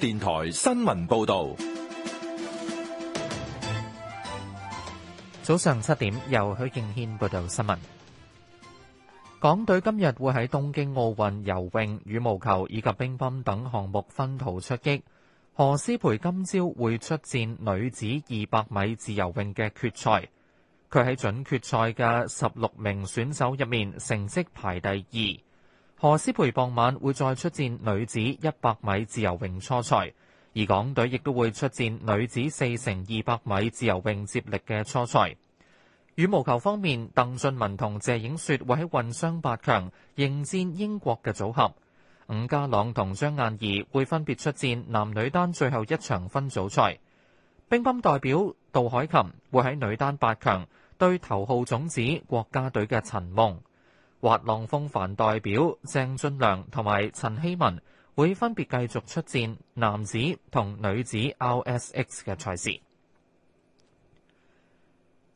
電台新聞報道：早上七點，由許敬軒報道新聞。港隊今日會喺東京奧運游泳、羽毛球以及乒乓等項目分途出擊。何詩蓓今朝會出戰女子二百米自由泳嘅決賽。佢喺準決賽嘅十六名選手入面，成績排第二。何詩蓓傍晚會再出戰女子一百米自由泳初賽，而港隊亦都會出戰女子四乘二百米自由泳接力嘅初賽。羽毛球方面，鄧俊文同謝影雪會喺混雙八強迎戰英國嘅組合，伍家朗同張雁儀會分別出戰男女單最後一場分組賽。乒乓代表杜海琴會喺女單八強對頭號種子國家隊嘅陳夢。滑浪風帆代表鄭俊良同埋陳希文會分別繼續出戰男子同女子 RSX 嘅賽事。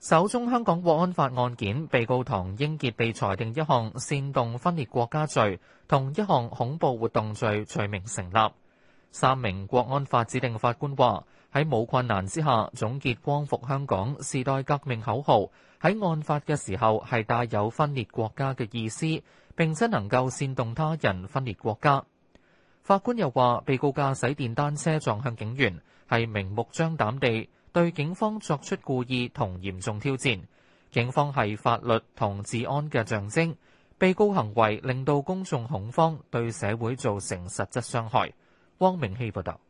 首宗香港國安法案件，被告唐英傑被裁定一項煽動分裂國家罪，同一項恐怖活動罪罪名成立。三名國安法指定法官話，喺冇困難之下總結光復香港時代革命口號，喺案發嘅時候係帶有分裂國家嘅意思，並且能夠煽動他人分裂國家。法官又話被告駕駛電單車撞向警員，係明目張膽地對警方作出故意同嚴重挑戰，警方係法律同治安嘅象徵，被告行為令到公眾恐慌，對社會造成實質傷害。汪明熙報道。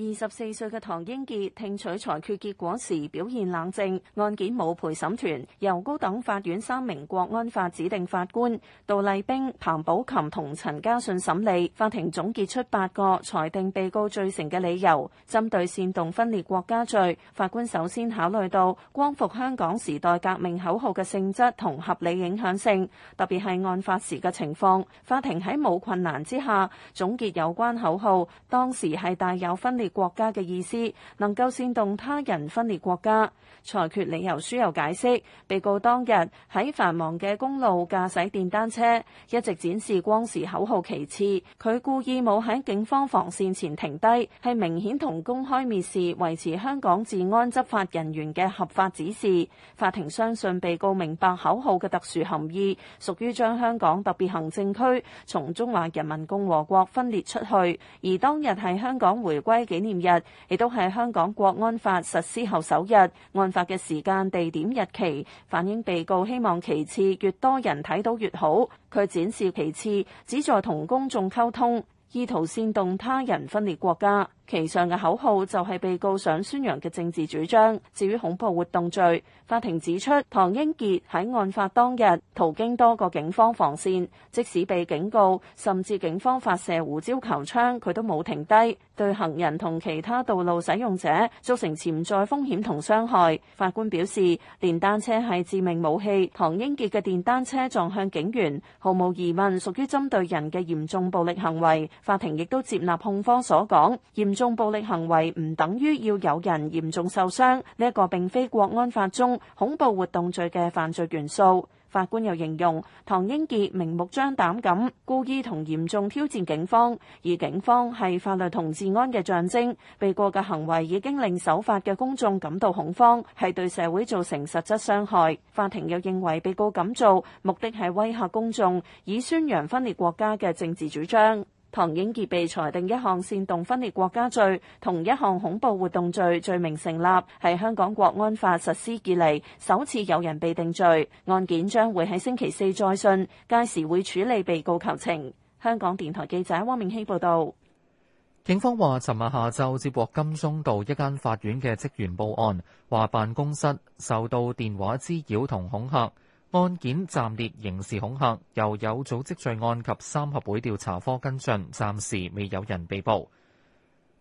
二十四歲嘅唐英傑聽取裁決結果時表現冷靜。案件冇陪審團，由高等法院三名國安法指定法官杜麗冰、彭寶琴同陳家信審理。法庭總結出八個裁定被告罪成嘅理由，針對煽動分裂國家罪。法官首先考慮到光復香港時代革命口號嘅性質同合理影響性，特別係案發時嘅情況。法庭喺冇困難之下總結有關口號當時係帶有分裂國家嘅意思，能夠煽動他人分裂國家。裁決理由書又解釋，被告當日喺繁忙嘅公路駕駛電單車，一直展示光時口號。其次，佢故意冇喺警方防綫前停低，係明顯同公開蔑視維持香港治安執法人員嘅合法指示。法庭相信被告明白口號嘅特殊含義，屬於將香港特別行政區從中華人民共和國分裂出去。而當日係香港回歸幾紀念日，亦都係香港國安法實施後首日，案發嘅時間、地點、日期反映被告希望其次越多人睇到越好。佢展示其次旨在同公眾溝通，意圖煽動他人分裂國家。其上嘅口號就係被告想宣揚嘅政治主張。至於恐怖活動罪，法庭指出唐英傑喺案發當日途經多個警方防線，即使被警告，甚至警方發射胡椒球槍，佢都冇停低，對行人同其他道路使用者造成潛在風險同傷害。法官表示，電單車係致命武器，唐英傑嘅電單車撞向警員，毫無疑問屬於針對人嘅嚴重暴力行為。法庭亦都接納控方所講，嚴。重暴力行為唔等於要有人嚴重受傷，呢一個並非國安法中恐怖活動罪嘅犯罪元素。法官又形容唐英傑明目張膽咁故意同嚴重挑戰警方，而警方係法律同治安嘅象徵。被告嘅行為已經令守法嘅公眾感到恐慌，係對社會造成實質傷害。法庭又認為被告咁做目的係威嚇公眾，以宣揚分裂國家嘅政治主張。唐英傑被裁定一項煽動分裂國家罪，同一項恐怖活動罪罪名成立，係香港國安法實施以嚟，首次有人被定罪。案件將會喺星期四再訊，屆時會處理被告求情。香港電台記者汪明希報道。警方話，尋日下晝接獲金鐘道一間法院嘅職員報案，話辦公室受到電話滋擾同恐嚇。案件暫列刑事恐嚇，由有組織罪案及三合會調查科跟進，暫時未有人被捕。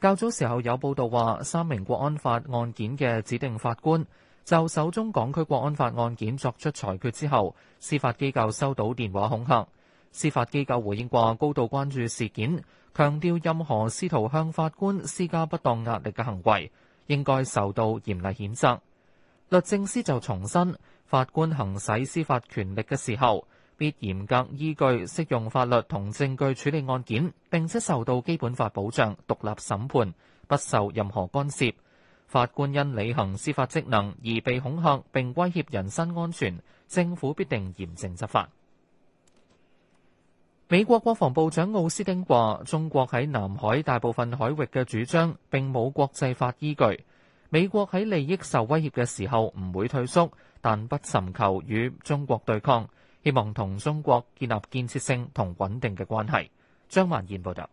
較早時候有報道話，三名國安法案件嘅指定法官就首宗港區國安法案件作出裁決之後，司法機構收到電話恐嚇。司法機構回應話，高度關注事件，強調任何試圖向法官施加不當壓力嘅行為應該受到嚴厲譴責。律政司就重申，法官行使司法權力嘅時候，必嚴格依據適用法律同證據處理案件，並且受到基本法保障、獨立審判、不受任何干涉。法官因履行司法職能而被恐嚇並威脅人身安全，政府必定嚴正執法。美國國防部長奧斯汀話中國喺南海大部分海域嘅主張並冇國際法依據。美國喺利益受威脅嘅時候唔會退縮，但不尋求與中國對抗，希望同中國建立建設性同穩定嘅關係。張曼燕報道。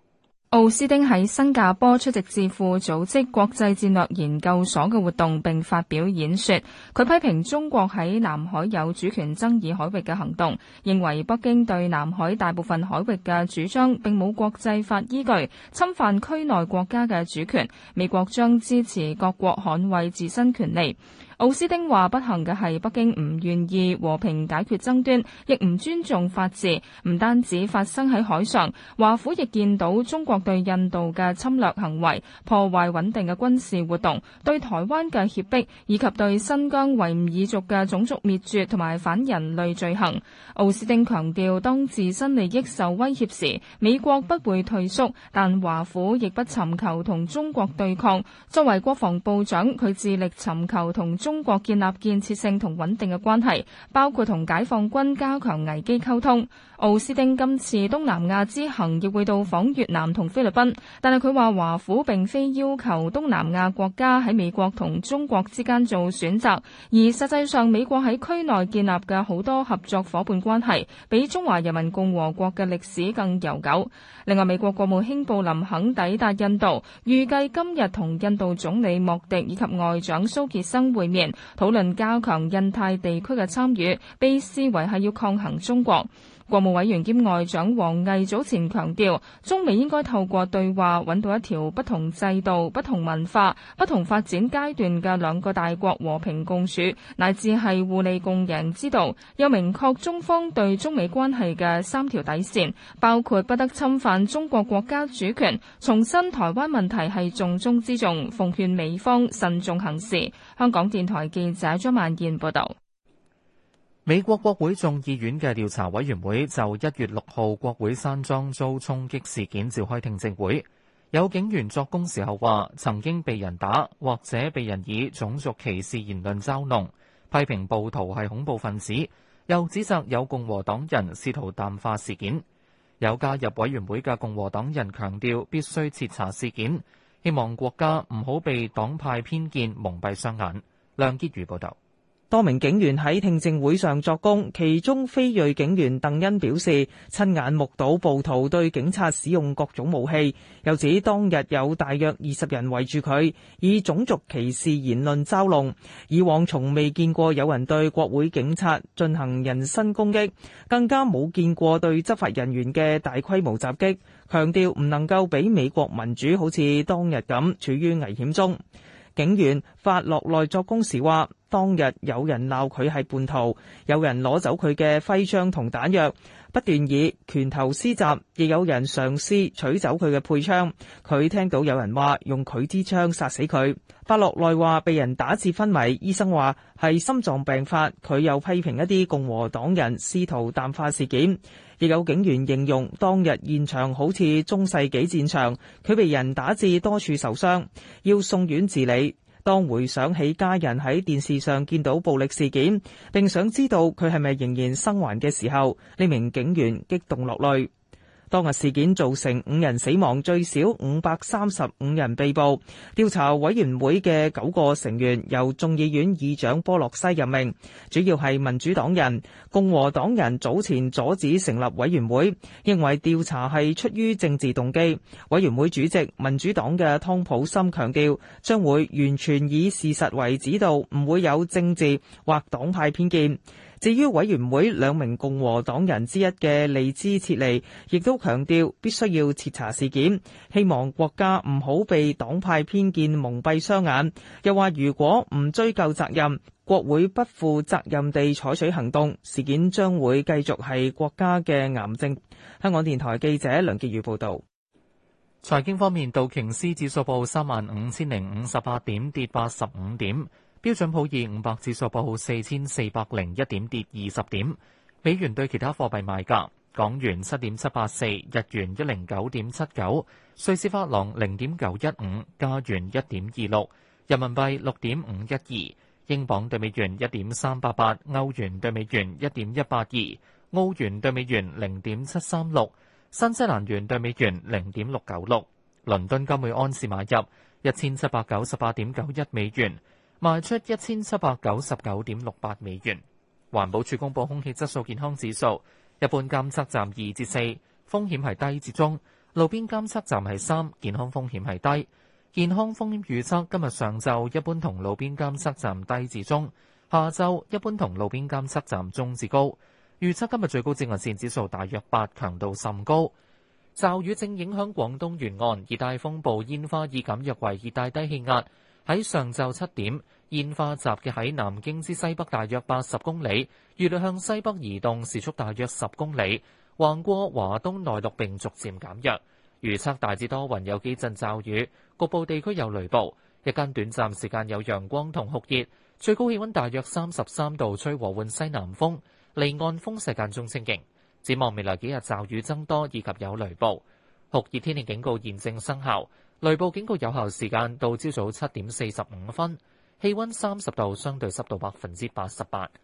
奧斯丁喺新加坡出席智庫組織國際戰略研究所嘅活動，並發表演說。佢批評中國喺南海有主權爭議海域嘅行動，認為北京對南海大部分海域嘅主張並冇國際法依據，侵犯區內國家嘅主權。美國將支持各國捍衛自身權利。奧斯汀話：不幸嘅係北京唔願意和平解決爭端，亦唔尊重法治。唔單止發生喺海上，華府亦見到中國對印度嘅侵略行為，破壞穩定嘅軍事活動，對台灣嘅脅迫，以及對新疆維吾爾族嘅種族滅絕同埋反人類罪行。奧斯汀強調，當自身利益受威脅時，美國不會退縮，但華府亦不尋求同中國對抗。作為國防部長，佢致力尋求同。中國建立建設性同穩定嘅關係，包括同解放軍加強危機溝通。奧斯丁今次東南亞之行亦會到訪越南同菲律賓，但係佢話華府並非要求東南亞國家喺美國同中國之間做選擇，而實際上美國喺區內建立嘅好多合作伙伴關係，比中華人民共和國嘅歷史更悠久。另外，美國國務卿布林肯抵達印度，預計今日同印度總理莫迪以及外長蘇傑生會面。討論加強印太地區嘅參與，被視為係要抗衡中國。國務委員兼外長王毅早前強調，中美應該透過對話揾到一條不同制度、不同文化、不同發展階段嘅兩個大國和平共處乃至係互利共贏之道。又明確中方對中美關係嘅三條底線，包括不得侵犯中國國家主權，重申台灣問題係重中之重，奉勸美方慎重行事。香港電台記者張曼燕報道。美國國會眾議院嘅調查委員會就一月六號國會山莊遭衝擊事件召開聽證會，有警員作供時候話曾經被人打或者被人以種族歧視言論嘲弄，批評暴徒係恐怖分子，又指責有共和黨人試圖淡化事件。有加入委員會嘅共和黨人強調必須徹查事件，希望國家唔好被黨派偏見蒙蔽雙眼。梁潔如報道。多名警員喺聽證會上作供，其中非裔警員鄧恩表示，親眼目睹暴徒對警察使用各種武器，又指當日有大約二十人圍住佢，以種族歧視言論嘲弄。以往從未見過有人對國會警察進行人身攻擊，更加冇見過對執法人員嘅大規模襲擊。強調唔能夠俾美國民主好似當日咁處於危險中。警員法落內作供時話。當日有人鬧佢係叛徒，有人攞走佢嘅徽章同彈藥，不斷以拳頭施襲，亦有人嘗試取走佢嘅配槍。佢聽到有人話用佢支槍殺，殺死佢。法洛內話被人打至昏迷，醫生話係心臟病發。佢又批評一啲共和黨人試圖淡化事件，亦有警員形容當日現場好似中世紀戰場。佢被人打至多處受傷，要送院治理。當回想起家人喺電視上見到暴力事件，並想知道佢係咪仍然生還嘅時候，呢名警員激動落淚。當日事件造成五人死亡，最少五百三十五人被捕。調查委員會嘅九個成員由眾議院議長波洛西任命，主要係民主黨人。共和黨人早前阻止成立委員會，認為調查係出於政治動機。委員會主席民主黨嘅湯普森強調，將會完全以事實為指導，唔會有政治或黨派偏見。至於委員會兩名共和黨人之一嘅利茲切尼，亦都強調必須要徹查事件，希望國家唔好被黨派偏見蒙蔽雙眼。又話如果唔追究責任，國會不負責任地採取行動，事件將會繼續係國家嘅癌症。香港電台記者梁潔如報導。財經方面，道瓊斯指數報三萬五千零五十八點，跌八十五點。標準普爾五百指數報四千四百零一點，跌二十點。美元對其他貨幣賣價：港元七點七八四，日元一零九點七九，瑞士法郎零點九一五，加元一點二六，人民幣六點五一二，英鎊對美元一點三八八，歐元對美元一點一八二，澳元對美元零點七三六，新西蘭元對美元零點六九六。倫敦金每盎司買入一千七百九十八點九一美元。賣出一千七百九十九點六八美元。環保署公佈空氣質素健康指數，一般監測站二至四，風險係低至中；路邊監測站係三，健康風險係低。健康風險預測今日上晝一般同路邊監測站低至中，下晝一般同路邊監測站中至高。預測今日最高紫外線指數大約八，強度甚高。驟雨正影響廣東沿岸，熱帶風暴煙花已減弱為熱帶低氣壓。喺上晝七點，煙花集結喺南京之西北，大約八十公里，預料向西北移動，時速大約十公里，橫過華東內陸並逐漸減弱。預測大致多雲，有幾陣驟雨，局部地區有雷暴，一間短暫時間有陽光同酷熱，最高氣温大約三十三度，吹和緩西南風，離岸風勢間中清勁。展望未來幾日驟雨增多，以及有雷暴，酷熱天氣警告現正生效。雷暴警告有效時間到朝早七點四十五分，氣溫三十度，相對濕度百分之八十八。